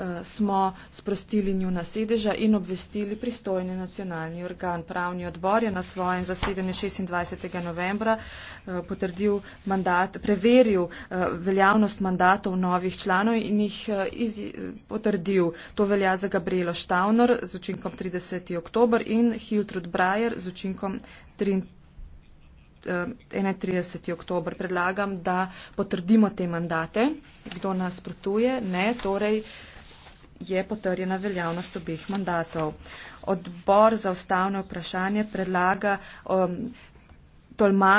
Eh, smo sprostili nju na sedeža in obvestili pristojni nacionalni organ. Pravni odbor je na svojem zasedanju 26. novembra eh, potrdil mandat, preveril eh, veljavnost mandatov novih članov in jih iz, potrdil. To velja za Gabrielo Štavnor z učinkom 30. oktober in Hiltrud Brajer z učinkom 30. 31. oktober. Predlagam, da potrdimo te mandate. Kdo nas protuje? Ne. Torej, uh, je potrjena veljavnost obih mandatov. Odbor za ustavno vprašanje predlaga um, tolmačenje.